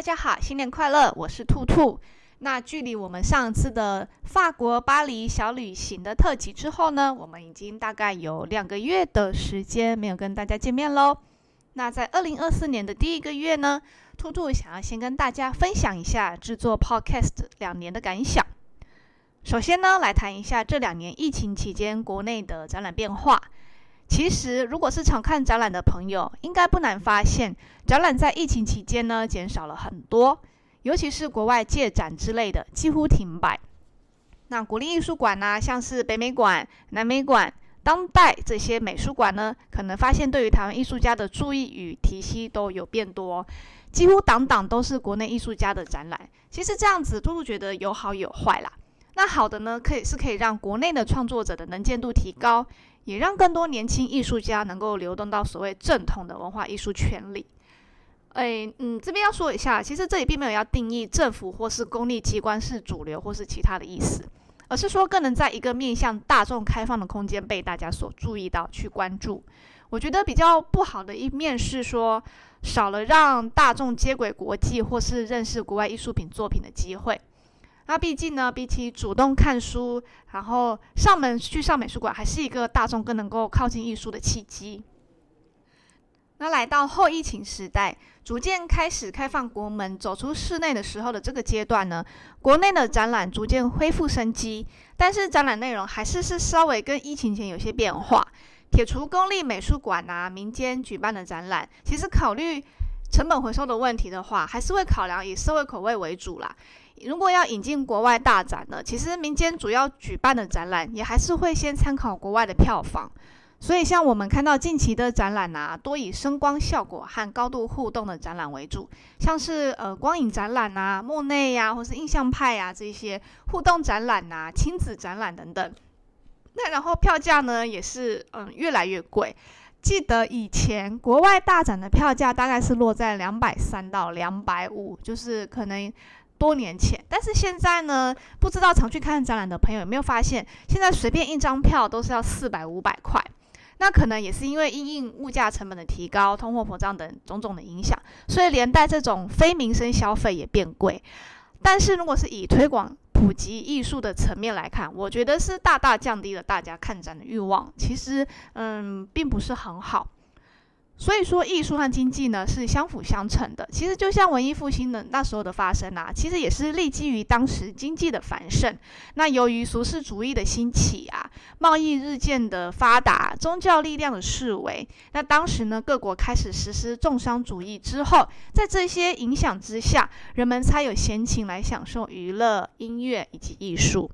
大家好，新年快樂！我是兔兔。那距離我們上次的法國巴黎小旅行的特輯之後呢，我們已經大概有兩個月的時間沒有跟大家見面嘍。那在二零二四年的第一個月呢，兔兔想要先跟大家分享一下製作 Podcast 兩年的感想。首先呢，來談一下這兩年疫情期間國內的展覽變化。其實，如果是常看展覽的朋友，應該不難發現，展覽在疫情期間呢減少了很多，尤其是國外借展之類的幾乎停擺。那國立藝術館呢、啊，像是北美館、南美館、當代這些美術館呢，可能發現對於台灣藝術家的注意與提息都有變多、哦，幾乎檔檔都是國內藝術家的展覽。其實這樣子，兔兔覺得有好有壞啦。那好的呢，可以是可以讓國內的創作者的能見度提高。也讓更多年輕藝術家能夠流動到所謂正統的文化藝術圈裡。誒，嗯,這邊要說一下，其實這裡並沒有要定義政府或是公立機關是主流或是其他的意思，而是說更能在一個面向大眾開放的空間被大家所注意到去關注。我覺得比較不好的一面是說少了讓大眾接軌國際或是認識國外藝術品作品的機會。那畢竟呢，比起主動看書，然後上門去上美術館，還是一個大眾更能夠靠近藝術的契機。那來到後疫情時代，逐漸開始開放國門，走出室內的時候的這個階段呢，國內的展覽逐漸恢復生機，但是展覽內容還是是稍微跟疫情前有些變化。剔除公立美術館吶、啊，民間舉辦的展覽，其實考慮。成本回收的問題的話，還是會考量以社會口味為主啦。如果要引進國外大展呢，其實民間主要舉辦的展覽也還是會先參考國外的票房。所以像我們看到近期的展覽吶、啊，多以聲光效果和高度互動的展覽為主，像是呃光影展覽啊、莫內呀、啊，或是印象派呀、啊、這些互動展覽吶、啊、親子展覽等等。那然後票價呢，也是嗯越來越貴。記得以前國外大展的票價大概是落在兩百三到兩百五，就是可能多年前。但是現在呢，不知道常去看展覽的朋友有沒有發現，現在隨便一張票都是要四百五百塊。那可能也是因為因應物價成本的提高、通貨膨脹等種種的影響，所以連帶這種非民生消費也變貴。但是如果是以推廣，普及藝術的層面來看，我覺得是大大降低了大家看展的慾望，其實，嗯，並不是很好。所以說，藝術和經濟呢是相輔相成的。其實，就像文藝復興的那時候的發生啊，其實也是立基於當時經濟的繁盛。那由於俗世主義的興起啊，貿易日漸的發達，宗教力量的式微，那當時呢各國開始實施重商主義之後，在這些影響之下，人們才有閒情來享受娛樂、音樂以及藝術。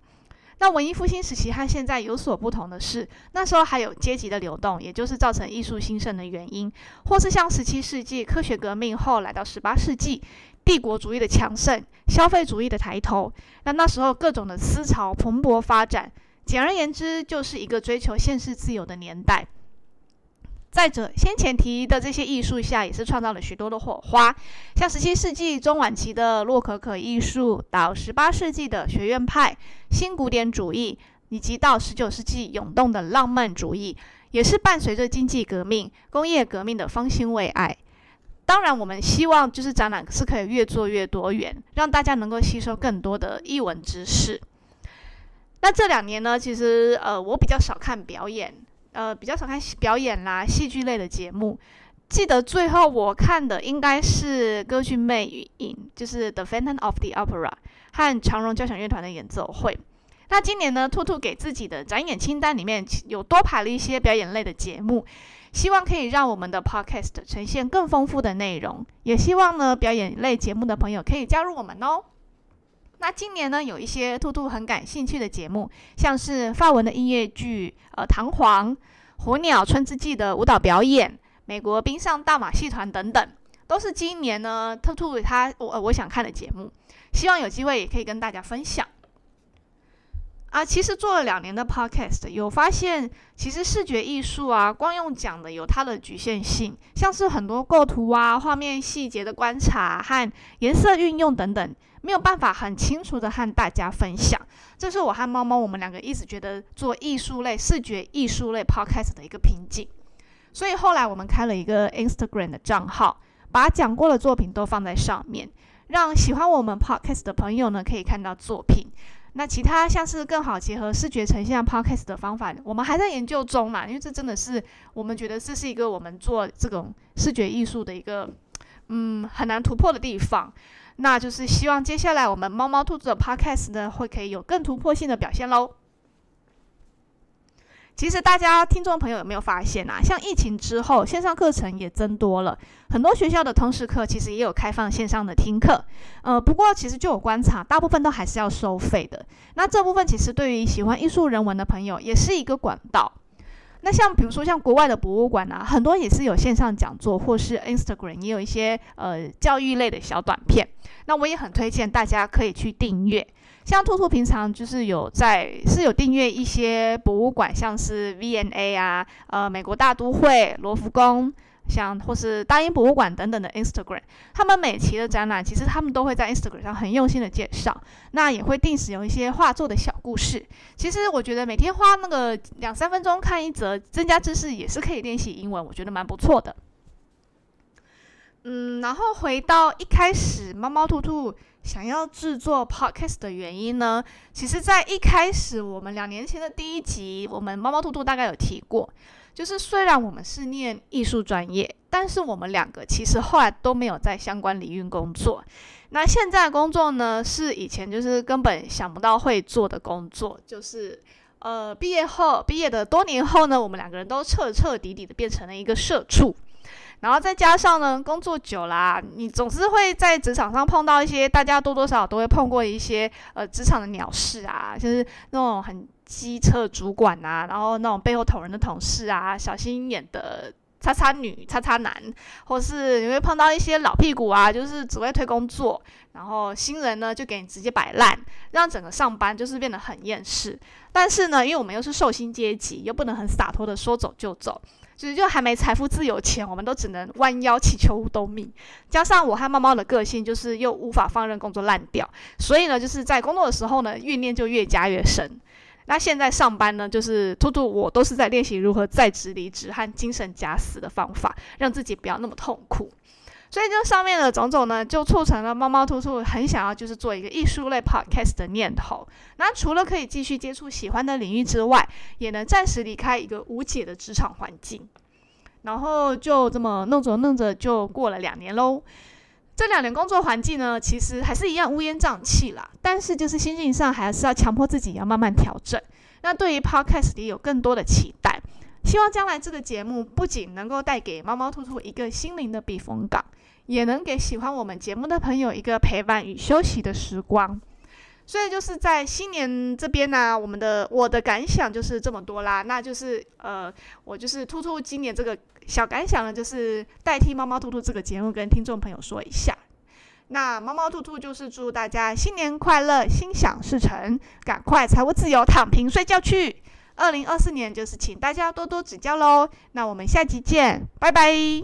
那文藝復興時期和現在有所不同的是，那時候還有階級的流動，也就是造成藝術興盛的原因，或是像十七世紀科學革命，後來到十八世紀帝國主義的強盛、消費主義的抬頭，那那時候各種的思潮蓬勃發展。簡而言之，就是一個追求現實自由的年代。再者，先前提的這些藝術下也是創造了許多的火花，像十七世紀中晚期的洛可可藝術，到十八世紀的學院派、新古典主義，以及到十九世紀湧動的浪漫主義，也是伴隨着經濟革命、工業革命的方興未艾。當然，我們希望就是展覽是可以越做越多元，讓大家能夠吸收更多的藝文知識。那這兩年呢，其實呃，我比較少看表演。呃，比較少看表演啦，戲劇類的節目。記得最後我看的應該是歌劇魅影，就是《The Phantom of the Opera》和長榮交響樂團的演奏會。那今年呢，兔兔給自己的展演清單裡面有多排了一些表演類的節目，希望可以讓我們的 Podcast 呈現更豐富的內容。也希望呢，表演類節目的朋友可以加入我們哦。那、啊、今年呢，有一些兔兔很感興趣的節目，像是法文的音樂劇呃，《唐璜》、火鳥春之祭的舞蹈表演、美國冰上大馬戲團等等，都是今年呢兔兔它我我想看的節目，希望有機會也可以跟大家分享。啊，其實做了兩年的 podcast，有發現，其實視覺藝術啊，光用講的有它的局限性，像是很多構圖啊、畫面細節的觀察、啊、和顏色運用等等，沒有辦法很清楚的和大家分享。這是我和貓貓我們兩個一直覺得做藝術類、視覺藝術類 podcast 的一個瓶頸，所以後來我們開了一個 Instagram 的賬號，把講過的作品都放在上面。讓喜歡我們 podcast 的朋友呢，可以看到作品。那其他像是更好結合視覺呈現 podcast 的方法，我們還在研究中嘛。因為這真的是我們覺得這是一個我們做這種視覺藝術的一個嗯很難突破的地方。那就是希望接下來我們貓貓兔子的 podcast 呢會可以有更突破性的表現嘍。其實大家聽眾朋友有沒有發現啊？像疫情之後，線上課程也增多了，很多學校的通識課其實也有開放線上的聽課。呃，不過其實據我觀察，大部分都還是要收費的。那這部分其實對於喜歡藝術人文的朋友也是一個管道。那像比如說像國外的博物館啊，很多也是有線上講座，或是 Instagram 也有一些呃教育類的小短片。那我也很推薦大家可以去訂閱。像兔兔平常就是有在是有訂閱一些博物館，像是 V N A 啊，呃，美國大都會、羅浮宮，像或是大英博物館等等的 Instagram，他們每期的展覽其實他們都會在 Instagram 上很用心的介紹，那也會定時有一些畫作的小故事。其實我覺得每天花那個兩三分鐘看一則，增加知識也是可以練習英文，我覺得蠻不錯的。嗯，然後回到一開始貓貓兔兔想要製作 Podcast 的原因呢，其實，在一開始我們兩年前的第一集，我們貓貓兔兔大概有提過，就是雖然我們是念藝術專業，但是我們兩個其實後來都沒有在相關領域工作。那現在的工作呢，是以前就是根本想不到會做的工作，就是呃，畢業後畢業的多年後呢，我們兩個人都徹徹底底的變成了一個社畜。然後再加上呢，工作久啦，啊，你總是會在職場上碰到一些，大家多多少少都會碰過一些呃職場的鳥事啊，就是那種很機車主管吶，啊，然後那種背後捅人的同事啊，小心眼的。叉叉女、叉叉男，或是你會碰到一些老屁股啊，就是只會推工作，然後新人呢就給你直接擺爛，讓整個上班就是變得很厭世。但是呢，因為我們又是受薪階級，又不能很灑脫的說走就走，所以就還沒財富自由前，我們都只能彎腰乞求斗米。加上我和貓貓的個性，就是又無法放任工作爛掉，所以呢，就是在工作的時候呢，怨念就越加越深。那現在上班呢，就是兔兔。我都是在練習如何在職離職和精神假死的方法，讓自己不要那麼痛苦。所以這上面的種種呢，就促成了貓貓兔兔很想要就是做一個藝術類 podcast 的念頭。那除了可以繼續接觸喜歡的領域之外，也能暫時離開一個無解的職場環境。然後就這麼弄着弄着，就過了兩年嘍。這兩年工作環境呢，其實還是一樣烏煙瘴氣啦，但是就是心境上還是要強迫自己要慢慢調整。那對於 Podcast 也有更多的期待，希望將來這個節目不僅能夠帶給貓貓兔兔一個心靈的避風港，也能給喜歡我們節目的朋友一個陪伴與休息的時光。所以就是在新年這邊呢、啊，我們的我的感想就是這麼多啦。那就是呃，我就是兔兔今年這個小感想呢，就是代替貓貓兔兔這個節目跟聽眾朋友說一下。那貓貓兔兔就是祝大家新年快樂，心想事成，趕快財務自由，躺平睡覺去。二零二四年就是請大家多多指教嘍。那我們下期見，拜拜。